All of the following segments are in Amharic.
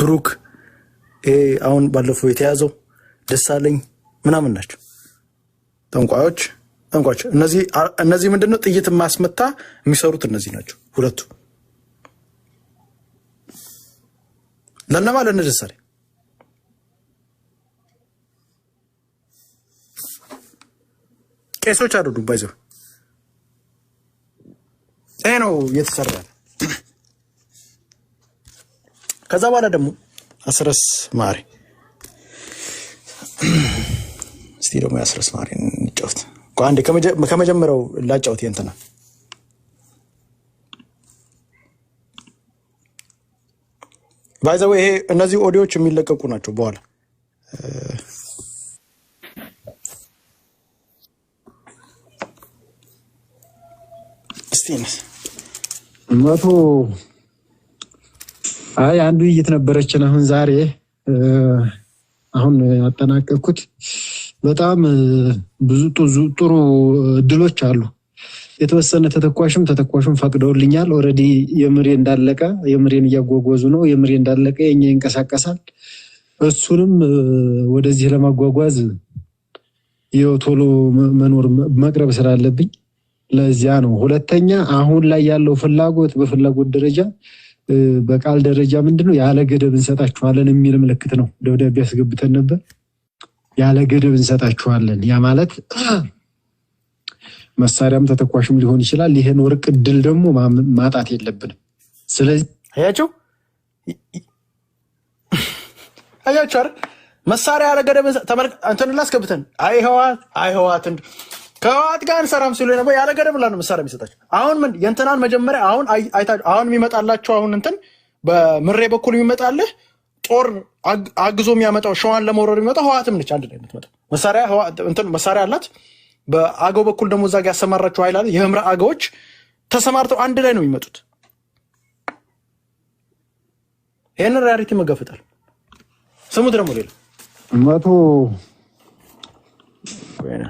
ብሩክ ይሄ አሁን ባለፈው የተያዘው ደሳለኝ ምናምን ናቸው ጠንቋዮች ጠንቋዮች። እነዚህ ምንድን ነው ጥይት ማስመታ የሚሰሩት እነዚህ ናቸው ሁለቱ። ለነማ ለነ ደሳለኝ ቄሶች አይደሉም። ባይዘው ይሄ ነው እየተሰራ ከዛ በኋላ ደግሞ አስረስ ማሪ እስቲ ደግሞ የአስረስ ማሪ እንጫወት። አንዴ ከመጀመሪያው ላጫወት የእንትና ባይዘው ይሄ እነዚህ ኦዲዮዎች የሚለቀቁ ናቸው በኋላ እስቲ መቶ አይ አንዱ ውይይት ነበረችን አሁን ዛሬ አሁን ያጠናቀቅኩት በጣም ብዙ ጥሩ እድሎች አሉ። የተወሰነ ተተኳሽም ተተኳሹም ፈቅደውልኛል። ኦልሬዲ የምሬ እንዳለቀ የምሬን እያጓጓዙ ነው። የምሬ እንዳለቀ የኛ ይንቀሳቀሳል። እሱንም ወደዚህ ለማጓጓዝ ይኸው ቶሎ መኖር መቅረብ ስላለብኝ ለዚያ ነው። ሁለተኛ አሁን ላይ ያለው ፍላጎት በፍላጎት ደረጃ በቃል ደረጃ ምንድን ነው ያለ ገደብ እንሰጣችኋለን የሚል ምልክት ነው ደብዳቤ ያስገብተን ነበር። ያለ ገደብ እንሰጣችኋለን። ያ ማለት መሳሪያም ተተኳሽም ሊሆን ይችላል። ይህን ወርቅ እድል ደግሞ ማጣት የለብንም። ስለዚህ አያችሁ አያችሁ አይደል መሳሪያ ያለ ገደብ ተመልክ እንትን ላስገብተን አይህዋት አይህዋት ከህወሓት ጋር አንሰራም ሲሉ ነበር። ያለ ገደብ ብላ መሳሪያ የሚሰጣቸው። አሁን ምን የእንትናን መጀመሪያ አሁን አሁን የሚመጣላቸው አሁን እንትን በምሬ በኩል የሚመጣልህ ጦር አግዞ የሚያመጣው ሸዋን ለመውረር የሚመጣው ህወሓትም ነች። አንድ ላይ የምትመጣ መሳሪያ እንትን መሳሪያ አላት። በአገው በኩል ደግሞ እዛ ጋር ያሰማራቸው ኃይል አለ። የህምራ አገዎች ተሰማርተው አንድ ላይ ነው የሚመጡት። ይህን ሪያሪቲ መገፍጣል። ስሙት ደግሞ ሌላ መቶ ወይና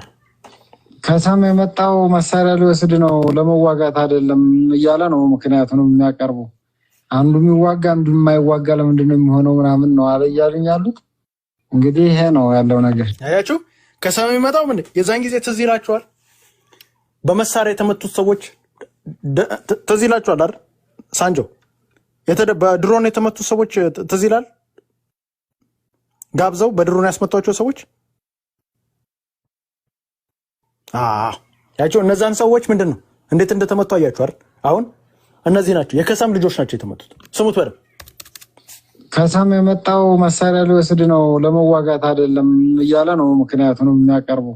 ከሳም የመጣው መሳሪያ ሊወስድ ነው ለመዋጋት አይደለም እያለ ነው ምክንያቱንም የሚያቀርቡ አንዱ የሚዋጋ አንዱ የማይዋጋ ለምንድነው ነው የሚሆነው ምናምን ነው አለ እያሉኝ ያሉት። እንግዲህ ይሄ ነው ያለው ነገር። ያያችሁ ከሳም የሚመጣው ምን የዛን ጊዜ ትዝ ይላችኋል። በመሳሪያ የተመቱት ሰዎች ትዝ ይላችኋል አይደል? ሳንጆ በድሮን የተመቱት ሰዎች ትዝ ይላል። ጋብዘው በድሮን ያስመቷቸው ሰዎች ያቸው እነዛን ሰዎች ምንድን ነው እንዴት እንደተመቱ አያችሁ አይደል? አሁን እነዚህ ናቸው የከሳም ልጆች ናቸው የተመቱት። ስሙት በደምብ ከሳም የመጣው መሳሪያ ሊወስድ ነው ለመዋጋት አይደለም እያለ ነው ምክንያቱንም የሚያቀርበው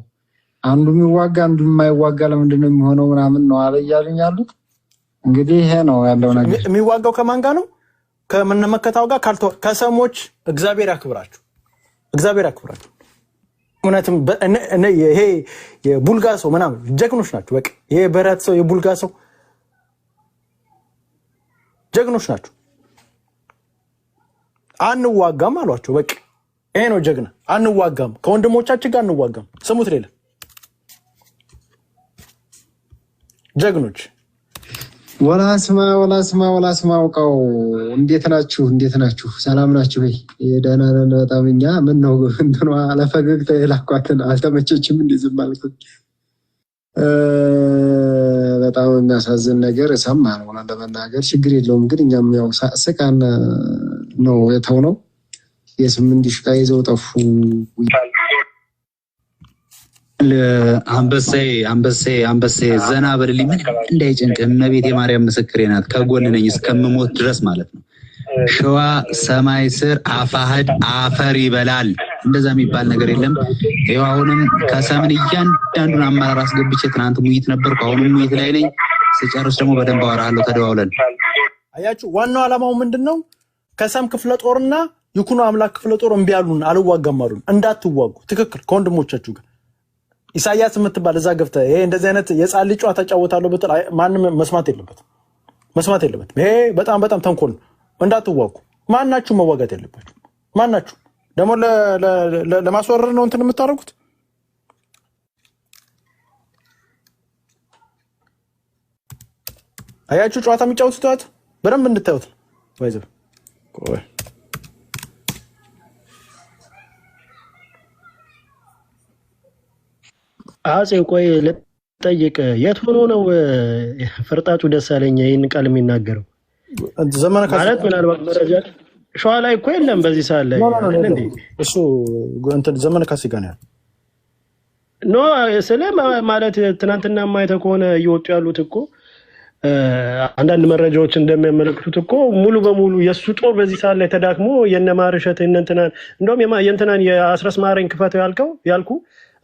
አንዱ የሚዋጋ አንዱ የማይዋጋ ለምንድን ነው የሚሆነው ምናምን ነው አለ እያሉኝ ያሉት። እንግዲህ ይሄ ነው ያለው ነገር። የሚዋጋው ከማን ጋር ነው? ከምንመከታው ጋር ከሰሞች እግዚአብሔር ያክብራችሁ፣ እግዚአብሔር ያክብራችሁ። እውነትም ይሄ የቡልጋ ሰው ምናምን ጀግኖች ናቸው። በቃ ይሄ በረት ሰው የቡልጋ ሰው ጀግኖች ናቸው። አንዋጋም አሏቸው። በቃ ይሄ ነው ጀግና። አንዋጋም፣ ከወንድሞቻችን ጋር አንዋጋም። ስሙት ሌለ ጀግኖች ወላስማ ወላስማ ወላስማ አውቃው እንዴት ናችሁ? እንዴት ናችሁ? ሰላም ናችሁ ወይ? ደህና ነን በጣም እኛ። ምን ነው እንትኗ ለፈገግታ የላኳትን አልተመቸችም። እንዴ ዝም አልኩት። በጣም የሚያሳዝን ነገር ሰማ ነው ለመናገር ችግር የለውም ግን እኛም ያው ስቃን ነው የተው ነው የስምንት ሺህ ዕቃ ይዘው ጠፉ አንበሳዬ አንበሳዬ አንበሳዬ ዘና በልልኝ፣ ምን እንዳይጨንቅ እመቤቴ የማርያም ምስክሬ ናት። ከጎን ነኝ እስከምሞት ድረስ ማለት ነው። ሸዋ ሰማይ ስር አፋህድ አፈር ይበላል። እንደዛ የሚባል ነገር የለም። ይኸው አሁንም ከሰምን እያንዳንዱን አመራር አስገብቼ ትናንት ሙይት ነበርኩ። አሁንም ሙይት ላይ ነኝ። ስጨርስ ደግሞ በደንብ አወራለሁ። ተደዋውለን አያችሁ። ዋናው ዓላማው ምንድን ነው? ከሰም ክፍለ ጦርና ይኩኖ አምላክ ክፍለ ጦር እምቢ አሉን፣ አልዋጋም አሉን። እንዳትዋጉ ትክክል ከወንድሞቻችሁ ጋር ኢሳያስ የምትባል እዛ ገብተ ይሄ እንደዚህ አይነት የጻል ጨዋታ ጫወታለሁ ብትል ማንም መስማት የለበትም፣ መስማት የለበትም። ይሄ በጣም በጣም ተንኮል ነው። እንዳትዋጉ፣ ማናችሁ መዋጋት የለባችሁ። ማናችሁ ደግሞ ለማስወረር ነው እንትን የምታደርጉት። አያችሁ ጨዋታ የሚጫወቱት በደንብ እንድታዩት ነው ይዘብ አጼ ቆይ ልጠይቅ፣ የት ሆኖ ነው ፈርጣጩ ደሳለኝ ይህን ቃል የሚናገረው? ማለት ምናልባት መረጃ ሸዋ ላይ እኮ የለም በዚህ ሰዓት ላይ እሱ ዘመነ ካሴ ጋር ነው ኖ ስለ ማለት ትናንትና ማየተ ከሆነ እየወጡ ያሉት እኮ አንዳንድ መረጃዎች እንደሚያመለክቱት እኮ ሙሉ በሙሉ የእሱ ጦር በዚህ ሰዓት ላይ ተዳክሞ የነ ማርሸት የእነ እንትናን እንደውም የእንትናን የአስረስ ማረኝ ክፈተው ያልከው ያልኩ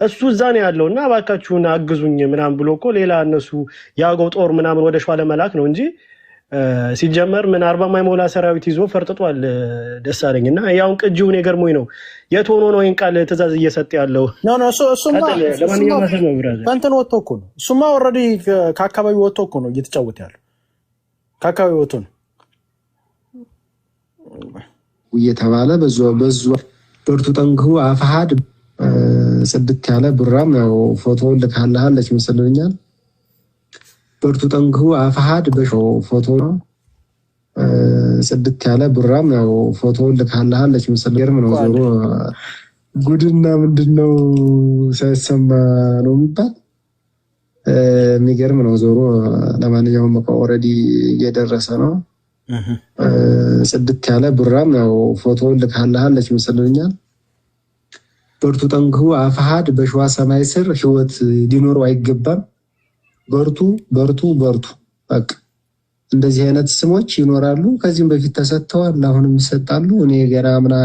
እሱ እዛ ነው ያለው እና እባካችሁን አግዙኝ ምናምን ብሎ እኮ ሌላ እነሱ የአገው ጦር ምናምን ወደ ሸዋ ለመላክ ነው እንጂ ሲጀመር ምን አርባ ማይሞላ ሰራዊት ይዞ ፈርጥጧል ደስ አለኝ እና ያውን ቅጂውን የገርሞኝ ነው የት ሆኖ ነው ይህን ቃል ትእዛዝ እየሰጠ ያለው እንትን ወጥቶ እኮ ነው እሱማ ኦልሬዲ ከአካባቢ ወጥቶ እኮ ነው እየተጫወተ ያለው ከአካባቢ ወጥቶ ነው እየተባለ በዙ በርቱ ጠንክሩ አፍሃድ ጽድቅ ያለ ብራም ያው ፎቶውን ልካልሃለች መስሎኛል። በርቱ ጠንክሁ አፍሃድ በሾ ፎቶ ነው። ጽድቅ ያለ ብራም ያው ፎቶውን ልካልሃለች መስሎኝ ነው። ዞሮ ጉድና ምንድን ነው ሳይሰማ ነው የሚባል የሚገርም ነው። ዞሮ ለማንኛውም እኮ ኦልሬዲ እየደረሰ ነው። ጽድቅ ያለ ብራም ያው ፎቶውን ልካልሃለች መስሎኛል። በርቱ ጠንክሩ አፍሃድ በሸዋ ሰማይ ስር ህይወት ሊኖሩ አይገባም። በርቱ በርቱ በርቱ። በቃ እንደዚህ አይነት ስሞች ይኖራሉ። ከዚህም በፊት ተሰጥተዋል፣ አሁንም ይሰጣሉ። እኔ ገና ምና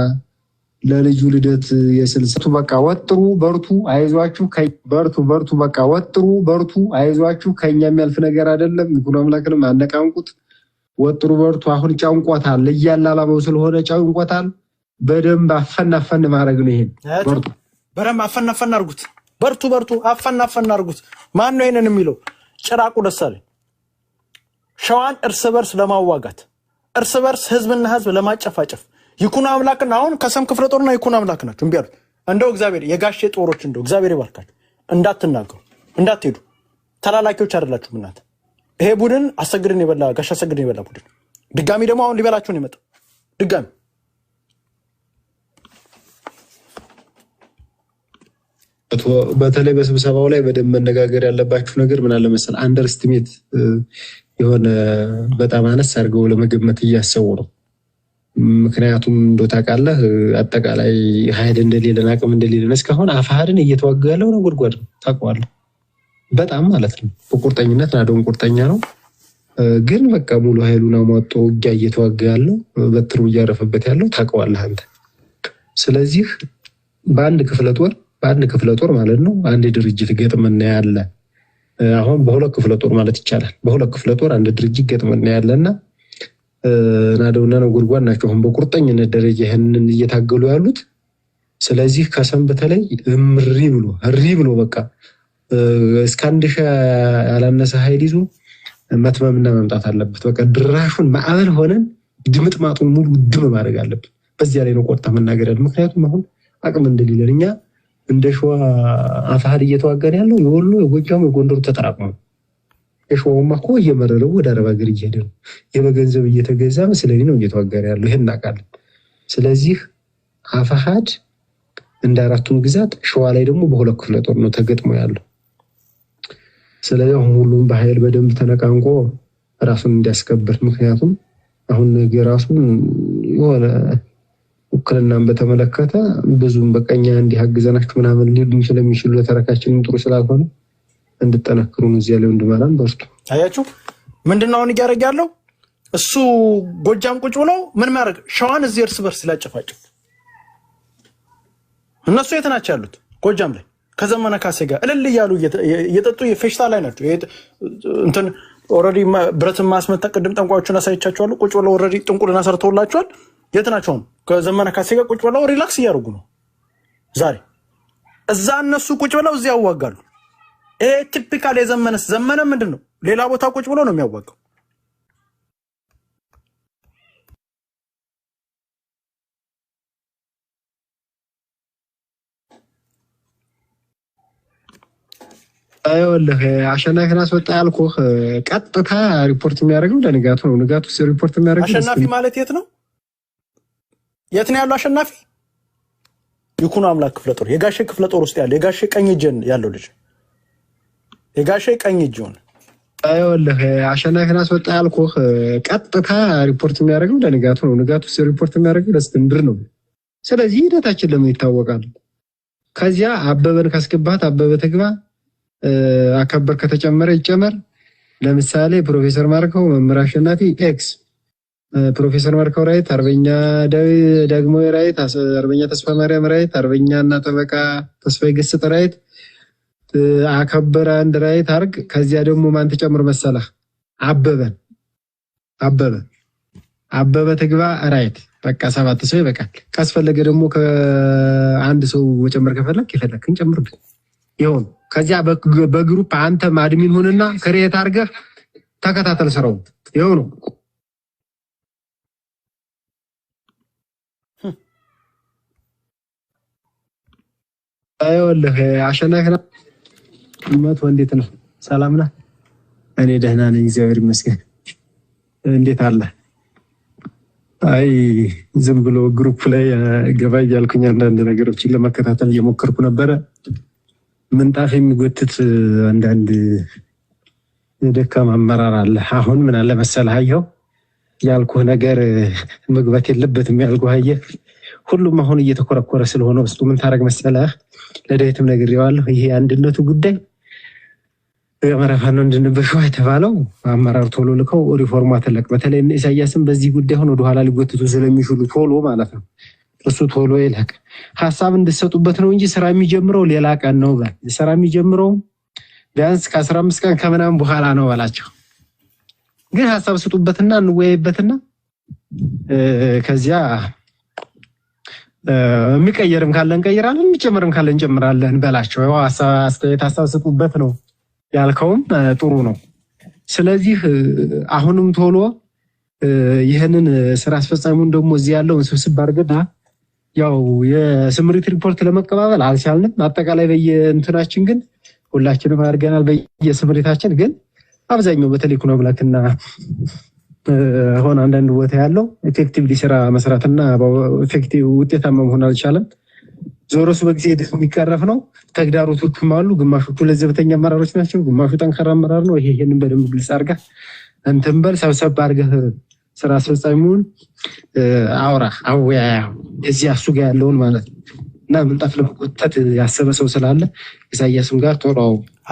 ለልጁ ልደት የስልሰቱ በቃ ወጥሩ በርቱ አይዟችሁ በርቱ በርቱ በቃ ወጥሩ በርቱ አይዟችሁ። ከኛ የሚያልፍ ነገር አይደለም። ጉሎ አምላክንም አነቃንቁት። ወጥሩ በርቱ። አሁን ጫንቆታል፣ እያላላበው ስለሆነ ጫንቆታል። በደንብ አፈናፈን ማድረግ ነው። ይሄን በደንብ አፈን አፈን በርቱ በርቱ፣ አፈናፈን አርጉት። ማን ነው ይሄንን የሚለው? ጭራቁ ደሳለኝ። ሸዋን እርስ በርስ ለማዋጋት እርስ በርስ ህዝብና ህዝብ ለማጨፋጨፍ ይኩን አምላክና አሁን ከሰም ክፍለ ጦርና ይኩን አምላክ ናቸው እምቢ አሉት። እንደው እግዚአብሔር የጋሼ ጦሮች እንደው እግዚአብሔር ይባርካቸው። እንዳትናገሩ፣ እንዳትሄዱ፣ ተላላኪዎች አይደላችሁም እናንተ። ይሄ ቡድን አሰግድን የበላ ጋሽ አሰግድን የበላ ቡድን ድጋሚ ደግሞ አሁን ሊበላችሁን የመጣው ድጋሚ በተለይ በስብሰባው ላይ በደንብ መነጋገር ያለባችሁ ነገር ምን አለ መሰል አንደርስቲሜት የሆነ በጣም አነስ አድርገው ለመገመት እያሰቡ ነው። ምክንያቱም እንዶ ታውቃለህ አጠቃላይ ሀይል እንደሌለን አቅም እንደሌለን እስካሁን አፋህድን እየተዋጋ ያለው ነው። ጎድጓድ ታውቀዋለህ በጣም ማለት ነው። በቁርጠኝነት ናደውን ቁርጠኛ ነው። ግን በቃ ሙሉ ሀይሉን አሟጦ ውጊያ እየተዋጋ ያለው በትሩ እያረፈበት ያለው ታውቀዋለህ አንተ። ስለዚህ በአንድ ክፍለ ጦር በአንድ ክፍለ ጦር ማለት ነው አንድ ድርጅት ገጥመን እናያለ። አሁን በሁለት ክፍለ ጦር ማለት ይቻላል። በሁለት ክፍለ ጦር አንድ ድርጅት ገጥመን እና ናደውና ነጎድጓድ ናቸው አሁን በቁርጠኝነት ደረጃ ይህንን እየታገሉ ያሉት። ስለዚህ ከሰም በተለይ እምሪ ብሎ እሪ ብሎ በቃ እስከ አንድ ሺህ ያላነሰ ኃይል ይዞ መትመምና መምጣት አለበት። በቃ ድራሹን ማዕበል ሆነን ድምጥማጡን ሙሉ ድም ማድረግ አለብን። በዚያ ላይ ነው ቆጣ መናገር ያለ ምክንያቱም አሁን አቅም እንደሌለን እኛ እንደ ሸዋ አፋህድ እየተዋገደ ያለው የወሎ የጎጃሙ የጎንደሩ ተጠራቅመ የሸዋውማ እኮ እየመረረው ወደ አረብ ሀገር እየሄደ ነው። የበገንዘብ እየተገዛ መስለኝ ነው እየተዋገደ ያለው ይህን እናውቃለን። ስለዚህ አፋህድ እንደ አራቱም ግዛት ሸዋ ላይ ደግሞ በሁለት ክፍለ ጦር ነው ተገጥሞ ያለው። ስለዚህ አሁን ሁሉም በኃይል በደንብ ተነቃንቆ ራሱን እንዲያስከብር ምክንያቱም አሁን ነገ ራሱን የሆነ ውክልናን በተመለከተ ብዙም በቀኛ እንዲያግዘናችሁ ምናምን ሊሉን ስለሚችሉ ለተረካችን ጥሩ ስላልሆነ እንድጠነክሩን እዚያ ላይ እንድመራን በርቱ። አያችሁ ምንድን ነው አሁን እያደረግ ያለው እሱ ጎጃም ቁጭ ብሎ ምን ማድረግ ሸዋን እዚህ እርስ በርስ ላጨፋጭፍ። እነሱ የት ናቸው ያሉት? ጎጃም ላይ ከዘመነ ካሴ ጋር እልል እያሉ እየጠጡ የፌሽታ ላይ ናቸው። እንትን ኦልሬዲ ብረትን ማስመጠቅ ቅድም ጠንቋዮቹን አሳይቻቸዋሉ። ቁጭ ብለው ኦልሬዲ ጥንቁልና ሰርተውላችኋል። የት ናቸውም ከዘመነ ካሴ ጋር ቁጭ ብለው ሪላክስ እያደረጉ ነው ዛሬ። እዛ እነሱ ቁጭ ብለው እዚህ ያዋጋሉ። ይሄ ቲፒካል የዘመነስ ዘመነ ምንድን ነው? ሌላ ቦታ ቁጭ ብሎ ነው የሚያዋጋው። ይኸውልህ አሸናፊን አስወጣ ያልኩህ ቀጥታ ሪፖርት የሚያደርገው ለንጋቱ ነው። ንጋቱ ሪፖርት የሚያደርገው አሸናፊ ማለት የት ነው? የት ነው ያለው አሸናፊ? ይኩኖ አምላክ ክፍለ ጦር የጋሼ ክፍለ ጦር ውስጥ ያለ የጋሼ ቀኝ እጅ ያለው ልጅ የጋሼ ቀኝ እጅ ሆነ። ይኸውልህ አሸናፊን አስወጣ ያልኩህ ቀጥታ ሪፖርት የሚያደርገው ለንጋቱ ነው። ንጋቱ ሪፖርት የሚያደርገው ለእስክንድር ነው። ስለዚህ ሂደታችን ለምን ይታወቃል? ከዚያ አበበን ካስገባት አበበ ትግባ፣ አከበር ከተጨመረ ይጨመር። ለምሳሌ ፕሮፌሰር ማርከው መምህር አሸናፊ ኤክስ ፕሮፌሰር መርከው ራይት፣ አርበኛ ዳግሞ ራይት፣ አርበኛ ተስፋ ማርያም ራይት፣ አርበኛ እና ጠበቃ ተስፋ ገስጥ ራይት፣ አከበረ አንድ ራይት አርግ። ከዚያ ደግሞ ማን ተጨምር መሰላ? አበበን አበበ አበበ ትግባ ራይት። በቃ ሰባት ሰው ይበቃል። ካስፈለገ ደግሞ ከአንድ ሰው መጨመር ከፈለግ የፈለግን ጨምርብን ይሆን። ከዚያ በግሩፕ አንተም አድሚን ሁንና ክሬት አርገህ ተከታተል ስራውን ይሁኑ። አይወልህ አሸናፊ ነው። መቶ እንዴት ነው? ሰላም ነህ? እኔ ደህና ነኝ፣ እግዚአብሔር ይመስገን። እንዴት አለ? አይ ዝም ብሎ ግሩፕ ላይ ገባ እያልኩኝ አንዳንድ ነገሮችን ለመከታተል እየሞከርኩ ነበረ። ምንጣፍ የሚጎትት አንዳንድ ደካማ አመራር አለ። አሁን ምን አለ መሰለህ፣ አየኸው ያልኩህ ነገር መግባት የለበትም ያልኩህ አየህ ሁሉም አሁን እየተኮረኮረ ስለሆነ ውስጡ ምን ታደረግ መሰለህ፣ ለዳዊትም ነግሬዋለሁ። ይሄ አንድነቱ ጉዳይ ገመራ ፋኖ እንድንበሸዋ የተባለው አመራር ቶሎ ልከው ሪፎርማ ተለቅ በተለይ ኢሳያስም በዚህ ጉዳይ ሆን ወደኋላ ሊጎትቱ ስለሚችሉ ቶሎ ማለት ነው እሱ ቶሎ ይለቅ ሀሳብ እንድሰጡበት ነው እንጂ ስራ የሚጀምረው ሌላ ቀን ነው። ስራ የሚጀምረው ቢያንስ ከአስራ አምስት ቀን ከምናምን በኋላ ነው በላቸው። ግን ሀሳብ ስጡበትና እንወያይበትና ከዚያ የሚቀየርም ካለ እንቀይራለን፣ የሚጨምርም ካለ እንጨምራለን በላቸው። ያው አስተያየት ሀሳብ ነው ያልከውም ጥሩ ነው። ስለዚህ አሁንም ቶሎ ይህንን ስራ አስፈጻሚውን ደግሞ እዚህ ያለውን ስብስብ አድርገና ያው የስምሪት ሪፖርት ለመቀባበል አልቻልንም። አጠቃላይ በየእንትናችን ግን ሁላችንም አድርገናል በየስምሪታችን ግን አብዛኛው በተለይ ኢኮኖሚ ላክና አሁን አንዳንድ ቦታ ያለው ኤፌክቲቭሊ ስራ መስራትና ኤፌክቲቭ ውጤታማ መሆን አልቻለም። ዞሮስ በጊዜ ሂደት የሚቀረፍ ነው። ተግዳሮቶቹም አሉ። ግማሾቹ ለዘብተኛ አመራሮች ናቸው፣ ግማሹ ጠንካራ አመራር ነው። ይሄ ይህንን በደንብ ግልጽ አድርገህ እንትን በል ሰብሰብ አድርገህ ስራ አስፈጻሚውን አውራ አወያያ እዚህ እሱ ጋር ያለውን ማለት ነው እና ምንጣፍ ለመቆተት ያሰበ ሰው ስላለ ኢሳያስም ጋር ቶሮ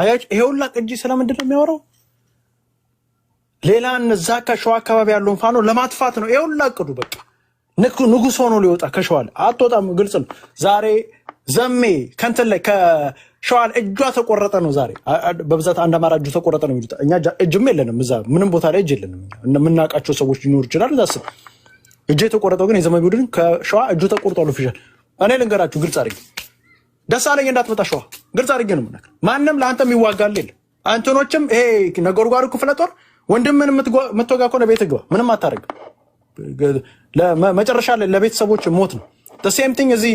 አያጭ ይሄ ሁላ ቅጂ ስለምንድን ነው የሚያወራው? ሌላ እነዛ ከሸዋ አካባቢ ያለውን ፋኖ ለማጥፋት ነው ይኸውልህ፣ ላቅዱ በቃ ንጉስ ሆኖ ሊወጣ ከሸዋ ላይ አትወጣም። ግልጽ ነው። ዛሬ ዘሜ ከንትን ላይ ከሸዋ እጇ ተቆረጠ ነው። ዛሬ በብዛት አንድ አማራ እጁ ተቆረጠ ነው የሚሉት። እኛ እጅም የለንም፣ እዛ ምንም ቦታ ላይ እጅ የለንም። የምናውቃቸው ሰዎች ሊኖር ይችላል። እዛ እጅ የተቆረጠው ግን የዘመ ቡድን ከሸዋ እጁ ተቆርጧል። ፊሻል እኔ ልንገራችሁ ግልጽ አድርጌ ደሳለኝ እንዳትመጣ ሸዋ ግልጽ አድርጌ ነው ምናክል ማንም ለአንተ የሚዋጋል የለ። አንትኖችም ይሄ ነጎድጓዱ ክፍለ ጦር ወንድምን የምትወጋ ከሆነ ቤት ግባ፣ ምንም አታደርግ። መጨረሻ ለቤተሰቦች ሞት ነው። ሴም ቲንግ እዚህ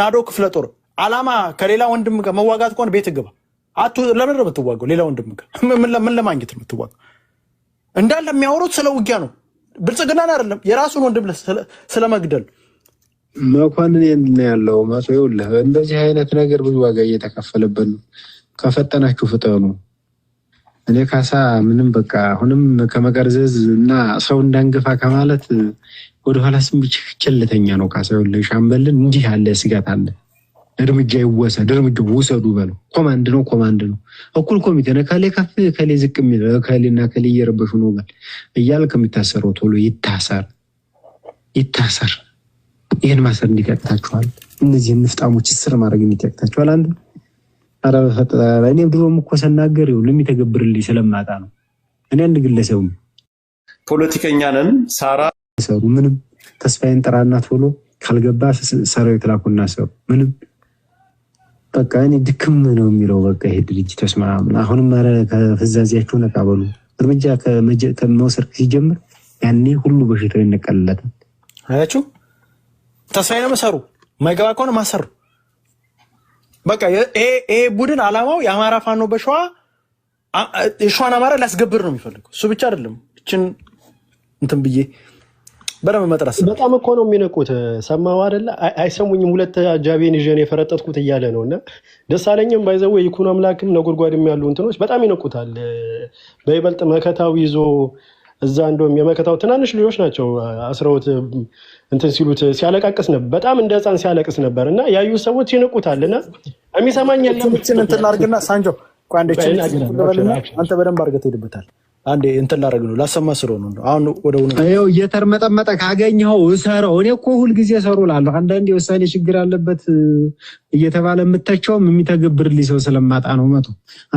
ናዶ ክፍለ ጦር አላማ ከሌላ ወንድም ጋር መዋጋት ከሆነ ቤት ግባ። አቱ ለምን ነው የምትዋገው? ሌላ ወንድም ጋር ምን ለማግኘት ነው የምትዋገው? እንዳለ የሚያወሩት ስለ ውጊያ ነው፣ ብልጽግናን አይደለም፣ የራሱን ወንድም ስለመግደል መኳንን ያለው ማሶ ይኸውልህ፣ እንደዚህ አይነት ነገር ብዙ ዋጋ እየተከፈለበት ነው። ከፈጠናችሁ ፍጠኑ። እኔ ካሳ ምንም በቃ አሁንም ከመቀርዘዝ እና ሰው እንዳንገፋ ከማለት ወደኋላ ስም ቸልተኛ ነው። ካሳ ለ ሻምበልን እንዲህ አለ ስጋት አለ። እርምጃ ይወሰድ፣ እርምጃ ውሰዱ በለው። ኮማንድ ነው፣ ኮማንድ ነው። እኩል ኮሚቴ ነው። ከሌ ከፍ ከሌ ዝቅ የሚል ከሌና ከሌ እየረበሹ ነው በል እያልክ የሚታሰረው ቶሎ ይታሰር፣ ይታሰር። ይህን ማሰር እንዲቀጥታችኋል። እነዚህ ንፍጣሞች ስር ማድረግ የሚጠቅታችኋል አንዱ ኧረ በፈጠረ እኔም ድሮም እኮ ስናገር ይኸውልህ የሚተገብርልኝ ስለማጣ ነው። እኔ አንድ ግለሰብ ፖለቲከኛ ነን ሳራ ሰሩ ምንም ተስፋዬን ጥራና ቶሎ ካልገባ ሰራዊት ላኩና ሰው ምንም በቃ እኔ ድክም ነው የሚለው በቃ ይሄ ድርጅት ተስማም። አሁንም ኧረ ከፍዛዚያችሁ ነቃ በሉ። እርምጃ ከመውሰድ ሲጀምር ያኔ ሁሉ በሽታው ይነቀልለታል። አያችሁ ተስፋዬ ነው መሰሩ ማይገባ ከሆነ ማሰሩ በቃ ይሄ ቡድን አላማው የአማራ ፋኖ በሸዋ የሸዋን አማራ ሊያስገብር ነው የሚፈልገው። እሱ ብቻ አይደለም። እችን እንትን ብዬ በደንብ መጥራት በጣም እኮ ነው የሚነቁት። ሰማው አደለ? አይሰሙኝም። ሁለት አጃቤን ይዤን የፈረጠጥኩት እያለ ነው እና ደስ አለኝም ባይዘው ይኩኖ አምላክም ነጎድጓድም ያሉ እንትኖች በጣም ይነቁታል። በይበልጥ መከታው ይዞ እዛ እንደውም የመከታው ትናንሽ ልጆች ናቸው አስረውት እንትን ሲሉት ሲያለቃቅስ ነበር። በጣም እንደ ህፃን ሲያለቅስ ነበር እና ያዩ ሰዎች ይንቁታል እና የሚሰማኝ የለምችን እንትን ላድርግና ሳንጆ አንተ በደንብ አድርገህ ትሄድበታል። አንዴ እንትን ላደርግ ነው ላሰማ ስሮ ነው አሁን ወደ ው እየተርመጠመጠ ካገኘኸው እሰረው። እኔ እኮ ሁልጊዜ ሰሩ ላለሁ አንዳንድ የውሳኔ ችግር አለበት እየተባለ የምተቸውም የሚተገብርልኝ ሰው ስለማጣ ነው። መቶ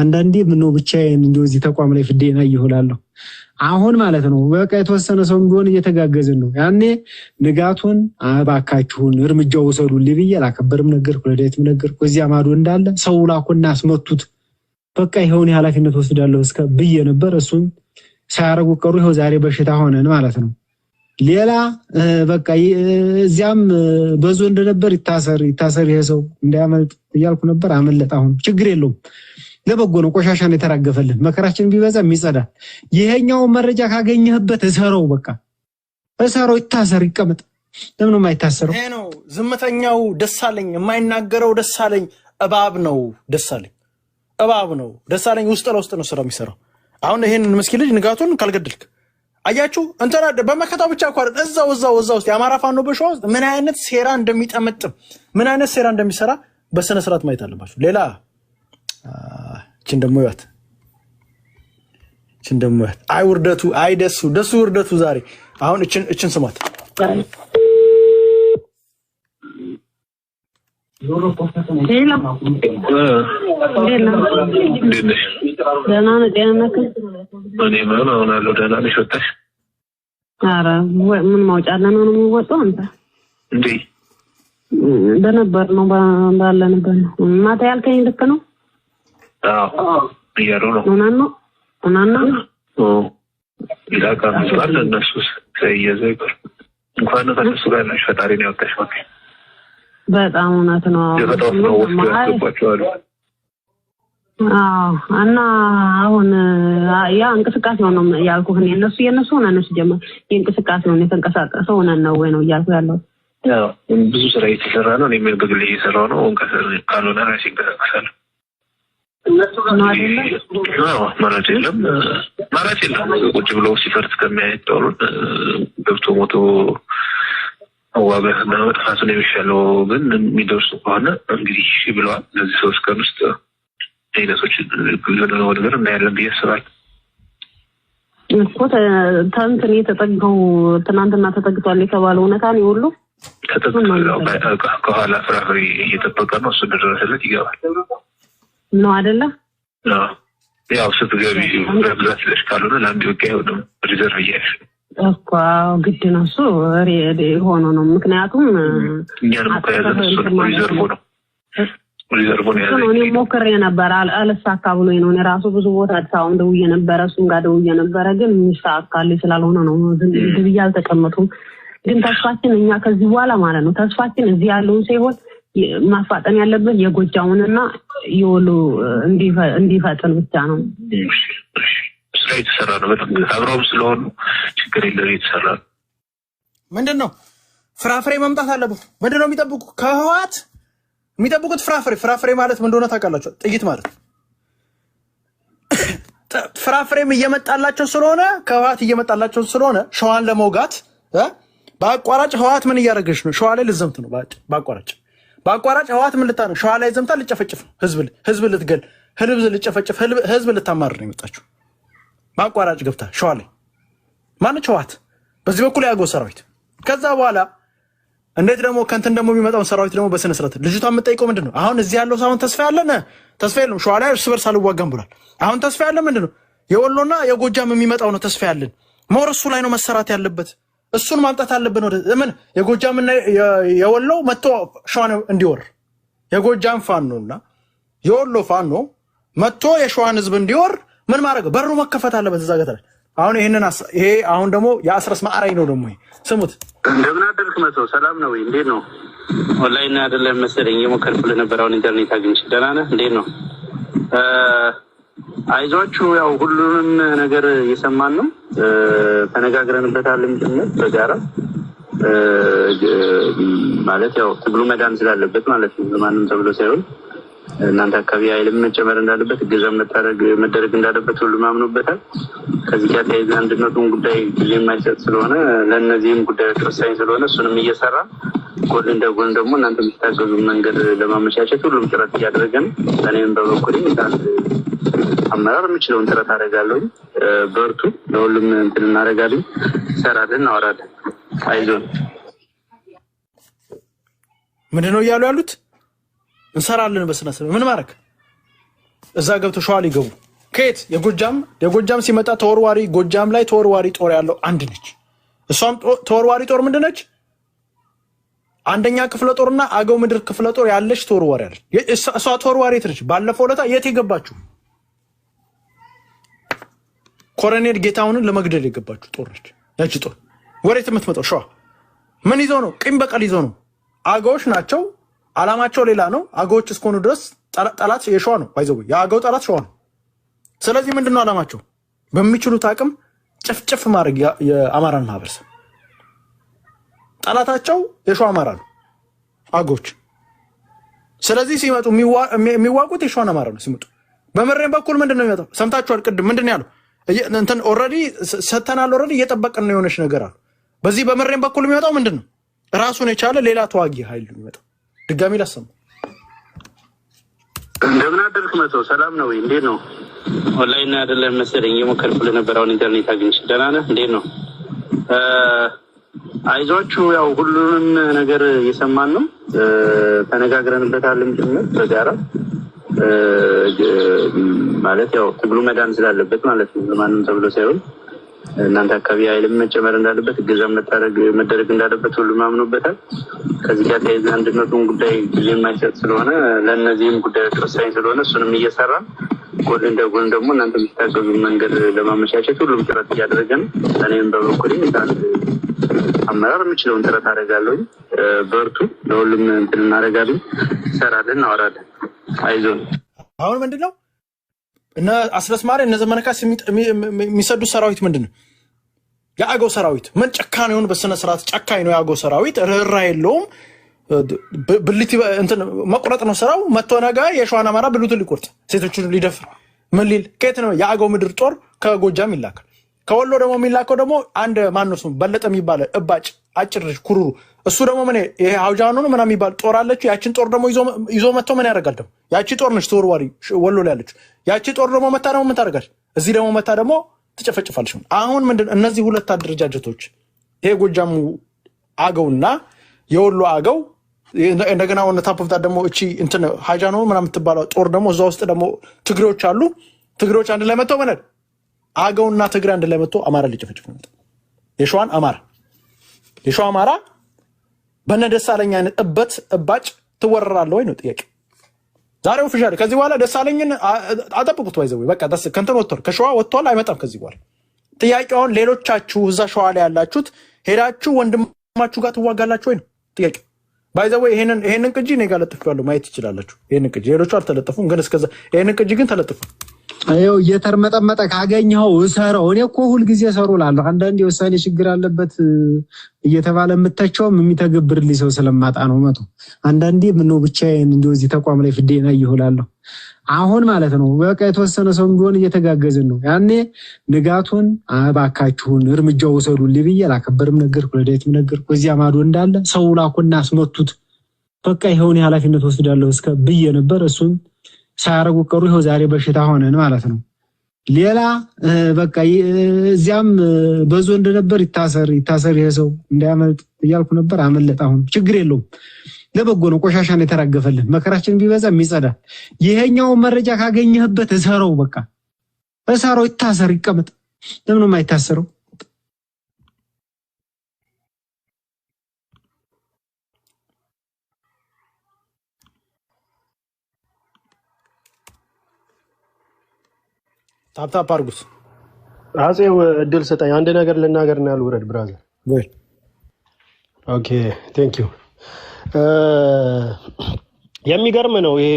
አንዳንዴ ምነው ብቻዬን እንደዚህ ተቋም ላይ ፍዴና ይሁላለሁ አሁን ማለት ነው። በቃ የተወሰነ ሰው ቢሆን እየተጋገዝን ነው። ያኔ ንጋቱን እባካችሁን እርምጃ ውሰዱልኝ ብዬ አላከበርም ነገር ለዳዊትም ነገር እዚያ ማዶ እንዳለ ሰው ላኩና አስመቱት። በቃ ይኸውን የኃላፊነት ወስዳለሁ እስከ ብዬ ነበር። እሱም ሳያረጉ ቀሩ። ይኸው ዛሬ በሽታ ሆነን ማለት ነው። ሌላ በቃ እዚያም በዞ እንደነበር ይታሰር ይታሰር፣ ይሄ ሰው እንዳያመልጥ እያልኩ ነበር። አመለጥ። አሁን ችግር የለውም ለበጎ ነው። ቆሻሻን የተራገፈልን። መከራችን ቢበዛ የሚጸዳ ይሄኛውን መረጃ ካገኘህበት እሰረው፣ በቃ እሰረው፣ ይታሰር፣ ይቀመጥ። ለምንም አይታሰረው። ይሄ ነው ዝምተኛው ደሳለኝ። የማይናገረው ደሳለኝ እባብ ነው። ደሳለኝ እባብ ነው። ደሳለኝ ውስጥ ለውስጥ ነው ስራ የሚሰራው። አሁን ይሄን ምስኪን ልጅ ንጋቱን ካልገድልክ አያችሁ እንተና በመከታው ብቻ እኮ እዛው እዛው እዛ ውስጥ የአማራ ፋኖ በሸዋ ውስጥ ምን አይነት ሴራ እንደሚጠመጥም ምን አይነት ሴራ እንደሚሰራ በስነ ስርዓት ማየት አለባቸው። ሌላ ችን ደሞ ይወት ችን ደሞ ይወት አይ ውርደቱ፣ አይ ደሱ ደሱ ውርደቱ ዛሬ አሁን እችን ስሟት። ኧረ ምን ማውጫ አለ ነው የሚወጣው? አንተ እንዴ በነበር ነው ባለንበት ነው ማታ ያልከኝ ልክ ነው። እያሉ ነው። ይላቃ መስላል እነሱ ይበር እንኳን ከነሱ ጋር ነሽ። ፈጣሪ ነው ያወጣሽ። በጣም እውነት ነው። ነው እና አሁን ያ ነው ሆነ ነው ሲጀመር ነው ሆነ ነው ወይ ነው እያልኩ ያለው ብዙ ስራ እየተሰራ ነው። እኔም በግሌ እየሰራሁ ነው። ካልሆነ ራሴ እንቀሳቀሳለሁ ማለት የለም፣ ማለት የለም። ቁጭ ብለው ሲፈርስ ከሚያየት ጦሩን ገብቶ ሞቶ መዋጋትና መጥፋቱን የሚሻለው ግን የሚደርሱ ከሆነ እንግዲህ ብለዋል። እነዚህ ሶስት ቀን ውስጥ አይነቶች ዘለነው ነገር እናያለን ብዬ አስባለሁ። እኮ ተንትን የተጠገው ትናንትና ተጠግቷል የተባለው እውነታ ነው የወሎ ተጠግቷል። ከኋላ ፍራፍሬ እየጠበቀ ነው። እሱ እንደደረሰለት ይገባል። ነው አይደለ? ያው ስትገቢ በብዛት ለሽ ካልሆነ ለአንድ ውጊያ አይሆንም። ሪዘርቭ እያልሽ እኮ ግድ ነው እሱ ሆኖ ነው። ምክንያቱም እኛንም እኮ ያዘን እሱ ነው። ሪዘርቭ ነው ሪዘርቭ ነው እኔ ሞክሬ ነበረ አልሳካ ብሎ ነው። እኔ ራሱ ብዙ ቦታ አዲስ አበባም ደውዬ ነበረ፣ እሱም ጋር ደውዬ ነበረ። ግን የሚሳካልኝ ስላልሆነ ነው ዝም አልተቀመጡም። ግን ተስፋችን እኛ ከዚህ በኋላ ማለት ነው ተስፋችን እዚህ ያለውን ሳይሆን ማፋጠን ያለበት የጎጃሙንና የወሎ እንዲፈጥን ብቻ ነው። ስራ የተሰራ ነው። በጣም አብረውም ስለሆኑ ችግር የለም። የተሰራ ነው። ምንድን ነው ፍራፍሬ መምጣት አለበት። ምንድን ነው የሚጠብቁ ከህዋት የሚጠብቁት ፍራፍሬ ፍራፍሬ ማለት ምን እንደሆነ ጥይት ማለት ፍራፍሬም እየመጣላቸው ስለሆነ ከህዋት እየመጣላቸው ስለሆነ ሸዋን ለመውጋት በአቋራጭ ህዋት ምን እያደረገች ነው? ሸዋ ላይ ልዘምት ነው በአቋራጭ በአቋራጭ ህዋት ምን ልታ ነው? ሸዋ ላይ ዘምታ ልጨፈጭፍ፣ ህዝብ ልትገል፣ ህልብዝ ልጨፈጭፍ፣ ህዝብ ልታማር ነው የመጣችው። በአቋራጭ ገብታ ሸዋ ላይ ማነች ህወሓት? በዚህ በኩል ያጎ ሰራዊት። ከዛ በኋላ እንዴት ደግሞ ከንትን ደግሞ የሚመጣውን ሰራዊት ደግሞ በስነ ስርዓት ልጅቷ የምጠይቀው ምንድን ነው? አሁን እዚህ ያለው አሁን ተስፋ ያለን ተስፋ የለም። ሸዋ ላይ እርስ በርስ አልዋጋም ብሏል። አሁን ተስፋ ያለን ምንድን ነው? የወሎና የጎጃም የሚመጣው ነው ተስፋ ያለን። ሞር ላይ ነው መሰራት ያለበት። እሱን ማምጣት አለብን። ወደ ምን የጎጃምና የወሎው መጥቶ ሸዋን እንዲወር የጎጃም እና የወሎ ፋኖ መጥቶ የሸዋን ህዝብ እንዲወር ምን ማድረግ በሩ መከፈት አለበት። እዛ ገተ አሁን ይህንን ይሄ አሁን ደግሞ የአስረስ ማዕራይ ነው ደግሞ ስሙት። እንደምን አደርክ መቶ ሰላም ነው ወይ? እንዴት ነው? ኦንላይን አይደለም መሰለኝ የሞከርኩልህ ነበር። አሁን ኢንተርኔት አግኝቼ ደህና ነህ? እንዴት ነው? አይዟችሁ ያው ሁሉንም ነገር እየሰማን ነው። ተነጋግረንበታልም ጭምር በጋራ ማለት ያው ትግሉ መዳን ስላለበት ማለት ነው። ለማንም ተብሎ ሳይሆን እናንተ አካባቢ ኃይልም መጨመር እንዳለበት እገዛ መደረግ እንዳለበት ሁሉም አምኖበታል። ከዚህ ጋር ተያይዘ አንድነቱን ጉዳይ ጊዜ የማይሰጥ ስለሆነ ለእነዚህም ጉዳዮች ወሳኝ ስለሆነ እሱንም እየሰራ ጎን እንደ ጎን ደግሞ እናንተ የምታገዙ መንገድ ለማመቻቸት ሁሉም ጥረት እያደረገን እኔም በበኩል አመራር የምችለውን ጥረት አደርጋለሁ። በርቱ፣ ለሁሉም እንትን እናደርጋለን፣ እንሰራለን፣ እናወራለን። አይዞን ምንድን ነው እያሉ ያሉት? እንሰራለን በስነ ስርዓት ምን ማድረግ እዛ ገብቶ ሸዋ ሊገቡ ከየት የጎጃም የጎጃም ሲመጣ ተወርዋሪ ጎጃም ላይ ተወርዋሪ ጦር ያለው አንድ ነች። እሷም ተወርዋሪ ጦር ምንድን ነች? አንደኛ ክፍለ ጦርና አገው ምድር ክፍለ ጦር ያለች ተወርዋሪ ያለች። እሷ ተወርዋሪ የት ነች? ባለፈው ዕለት የት የገባችሁ ኮሎኔል ጌታሁንን ለመግደል የገባችሁ ጦር ነች። ያቺ ጦር ወዴት የምትመጣው? ሸዋ ምን ይዞ ነው? ቂም በቀል ይዞ ነው። አገዎች ናቸው። አላማቸው ሌላ ነው። አገዎች እስከሆኑ ድረስ ጠላት የሸዋ ነው። ይዘ የአገው ጠላት ሸዋ ነው። ስለዚህ ምንድን ነው አላማቸው? በሚችሉት አቅም ጭፍጭፍ ማድረግ የአማራን ማህበረሰብ። ጠላታቸው የሸዋ አማራ ነው አገዎች። ስለዚህ ሲመጡ የሚዋጉት የሸዋን አማራ ነው። ሲመጡ በምሬን በኩል ምንድን ነው የሚመጣው? ሰምታችኋል። ቅድም ምንድን ነው ያለው? እንትን ኦልሬዲ ሰተናል። ኦልሬዲ እየጠበቀን ነው የሆነች ነገር አሉ። በዚህ በመሬን በኩል የሚመጣው ምንድን ነው? ራሱን የቻለ ሌላ ተዋጊ ኃይል የሚመጣው ድጋሚ ላሰማ። እንደምን አደርክ መሰው ሰላም ነው ወይ? እንዴት ነው? ኦንላይን አይደለም መሰለኝ እየሞከርኩ ነበር። ኢንተርኔት አግኝቼ ደህና ነህ? እንዴት ነው? አይዟችሁ ያው ሁሉንም ነገር እየሰማን ነው። ተነጋግረንበታልም ጭምር በጋራ ማለት ያው ትግሉ መዳን ስላለበት ማለት ነው። ለማንም ተብሎ ሳይሆን እናንተ አካባቢ ኃይልም መጨመር እንዳለበት እገዛ መደረግ እንዳለበት ሁሉም አምኖበታል። ከዚህ ጋር ተያይዘ አንድነቱን ጉዳይ ጊዜ የማይሰጥ ስለሆነ ለእነዚህም ጉዳዮች ወሳኝ ስለሆነ እሱንም እየሰራ ጎን እንደ ጎን ደግሞ እናንተ የምታገዙ መንገድ ለማመቻቸት ሁሉም ጥረት እያደረገ ነው። እኔም በበኩል አመራር የምችለውን ጥረት አደርጋለሁ። በርቱ፣ ለሁሉም እንትን እናደርጋለን፣ እንሰራለን፣ እናወራለን። አሁን ምንድን ነው እነ አስረስ እነ ዘመነ ካሴ የሚሰዱት ሰራዊት ምንድን ነው? የአገው ሰራዊት ምን ጨካኔውን በስነ ስርዓት ጨካኝ ነው። የአገው ሰራዊት ርኅራ የለውም። ብልት መቁረጥ ነው ስራው። መቶ ነገ የሸዋን አማራ ብልቱን ሊቆርጥ ሴቶቹን ሊደፍር ምን ሊል ከየት ነው የአገው ምድር ጦር ከጎጃም ይላካል። ከወሎ ደግሞ የሚላከው ደግሞ አንድ ማነው ስሙ በለጠ የሚባለ እባጭ አጭር ኩሩሩ እሱ ደግሞ ምን ይሄ ሀውጃኑ ነው የሚባል ጦር አለችው። ያችን ጦር ደግሞ ይዞ መጥቶ ምን ያደርጋል? ደግሞ ያቺ ጦር ነች ተወርዋሪ ወሎ ላይ ያለች ያቺ ጦር ደግሞ መታ ደግሞ ምን ታደርጋለች? እዚህ ደግሞ መታ ደግሞ ትጨፈጭፋለች። አሁን ምንድን እነዚህ ሁለት አደረጃጀቶች ይሄ ጎጃሙ አገውና የወሎ አገው እንደገና ወነ ታፖፍታ ደግሞ እቺ እንትን ሀጃኖ ምናምን የምትባለው ጦር ደግሞ እዛ ውስጥ ደግሞ ትግሬዎች አሉ። ትግሬዎች አንድ ላይ መጥቶ መነድ አገውና ትግሬ አንድ ላይ መጥቶ አማራ ሊጨፈጭፍ ነው የሸዋን አማራ የሸዋ አማራ በነ ደሳለኝ አይነት እበት እባጭ ትወረራለ ወይ ነው ጥያቄ። ዛሬ ኦፊሻል ከዚህ በኋላ ደሳለኝን አጠብቁት። ባይዘው በቃ ከንትን ወጥቷል፣ ከሸዋ ወጥቷል፣ አይመጣም ከዚህ በኋላ ጥያቄውን። ሌሎቻችሁ እዛ ሸዋ ላይ ያላችሁት ሄዳችሁ ወንድማችሁ ጋር ትዋጋላችሁ ወይ ነው ጥያቄ። ባይዘው ይሄንን ቅጂ እኔ ጋር ለጥፌዋለሁ፣ ማየት ትችላላችሁ። ይሄንን ቅጂ ሌሎቹ አልተለጠፉም፣ ግን እስከዛ ይሄንን ቅጂ ግን ተለጥፏል። ይኸው እየተርመጠመጠ ካገኘኸው እሰረው። እኔ እኮ ሁልጊዜ እሰሩ እላለሁ። አንዳንዴ የውሳኔ ችግር አለበት እየተባለ የምተቸውም የሚተገብርልኝ ሰው ስለማጣ ነው። መቶ አንዳንዴ ምነው ብቻዬን እንደው እዚህ ተቋም ላይ ፍዴና እየሆላለሁ። አሁን ማለት ነው በቃ የተወሰነ ሰው ቢሆን እየተጋገዝን ነው። ያኔ ንጋቱን እባካችሁን እርምጃ ውሰዱልኝ ብዬ ላከበርም ነገር ለዳዊትም ነገርኩ። እዚያ ማዶ እንዳለ ሰው ላኩና አስመቱት። በቃ ይኸውን ኃላፊነት ወስዳለሁ እስከ ብዬ ነበር እሱም ሳያረጉ ቀሩ። ይኸው ዛሬ በሽታ ሆነን ማለት ነው። ሌላ በቃ እዚያም በዞ እንደነበር ይታሰር ይታሰር ይሄ ሰው እንዳያመልጥ እያልኩ ነበር። አመለጥ። አሁን ችግር የለውም ለበጎ ነው። ቆሻሻን የተራገፈልን መከራችን ቢበዛ የሚጸዳ ይሄኛው መረጃ ካገኘህበት እሰረው፣ በቃ እሰረው። ይታሰር ይቀመጥ። ለምንም አይታሰረው። ታፕታፕ አድርጉት። አጼው እድል ስጠኝ፣ አንድ ነገር ልናገር ና ያልውረድ ብራዘር ኦኬ ቴንክ ዩ። የሚገርም ነው ይሄ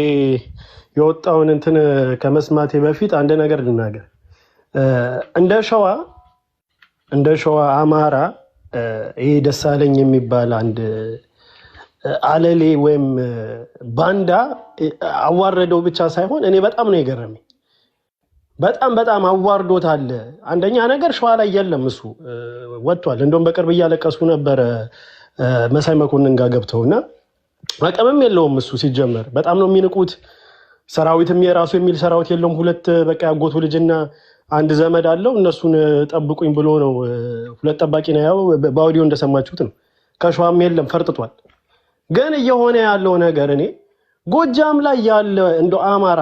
የወጣውን እንትን ከመስማቴ በፊት አንድ ነገር ልናገር። እንደ ሸዋ እንደ ሸዋ አማራ ይሄ ደሳለኝ የሚባል አንድ አለሌ ወይም ባንዳ አዋረደው ብቻ ሳይሆን እኔ በጣም ነው የገረመኝ። በጣም በጣም አዋርዶታል። አንደኛ ነገር ሸዋ ላይ የለም እሱ ወጥቷል። እንደውም በቅርብ እያለቀሱ ነበረ መሳይ መኮንን ጋር ገብተውና አቅምም የለውም እሱ ሲጀመር በጣም ነው የሚንቁት። ሰራዊትም የራሱ የሚል ሰራዊት የለውም። ሁለት በቃ ያጎቱ ልጅና አንድ ዘመድ አለው። እነሱን ጠብቁኝ ብሎ ነው ሁለት ጠባቂ ነው። ያው በአውዲዮ እንደሰማችሁት ነው። ከሸዋም የለም ፈርጥቷል። ግን እየሆነ ያለው ነገር እኔ ጎጃም ላይ ያለ እንደ አማራ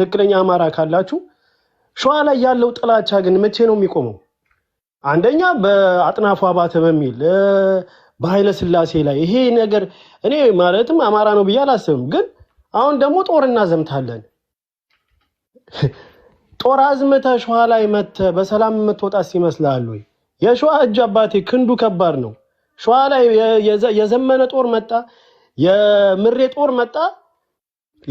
ትክክለኛ አማራ ካላችሁ ሸዋ ላይ ያለው ጥላቻ ግን መቼ ነው የሚቆመው? አንደኛ በአጥናፉ አባተ በሚል በኃይለ ስላሴ ላይ ይሄ ነገር እኔ ማለትም አማራ ነው ብዬ አላስብም። ግን አሁን ደግሞ ጦር እናዘምታለን። ጦር አዝምተ ሸዋ ላይ መተ በሰላም የምትወጣስ ይመስላሉ የሸዋ እጅ አባቴ ክንዱ ከባድ ነው። ሸዋ ላይ የዘመነ ጦር መጣ፣ የምሬ ጦር መጣ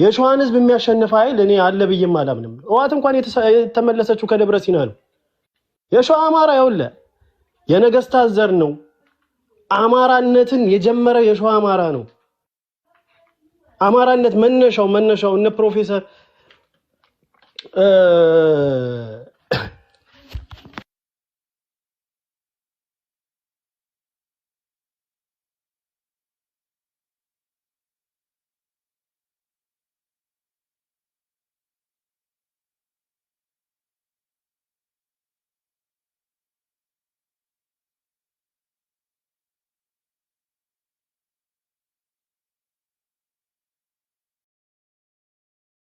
የሸዋን ህዝብ የሚያሸንፍ ኃይል እኔ አለ ብዬም አላምንም። እዋት እንኳን የተመለሰችው ከደብረ ሲና ነው። የሸዋ አማራ ያውለ የነገስታት ዘር ነው። አማራነትን የጀመረ የሸዋ አማራ ነው። አማራነት መነሻው መነሻው እነ ፕሮፌሰር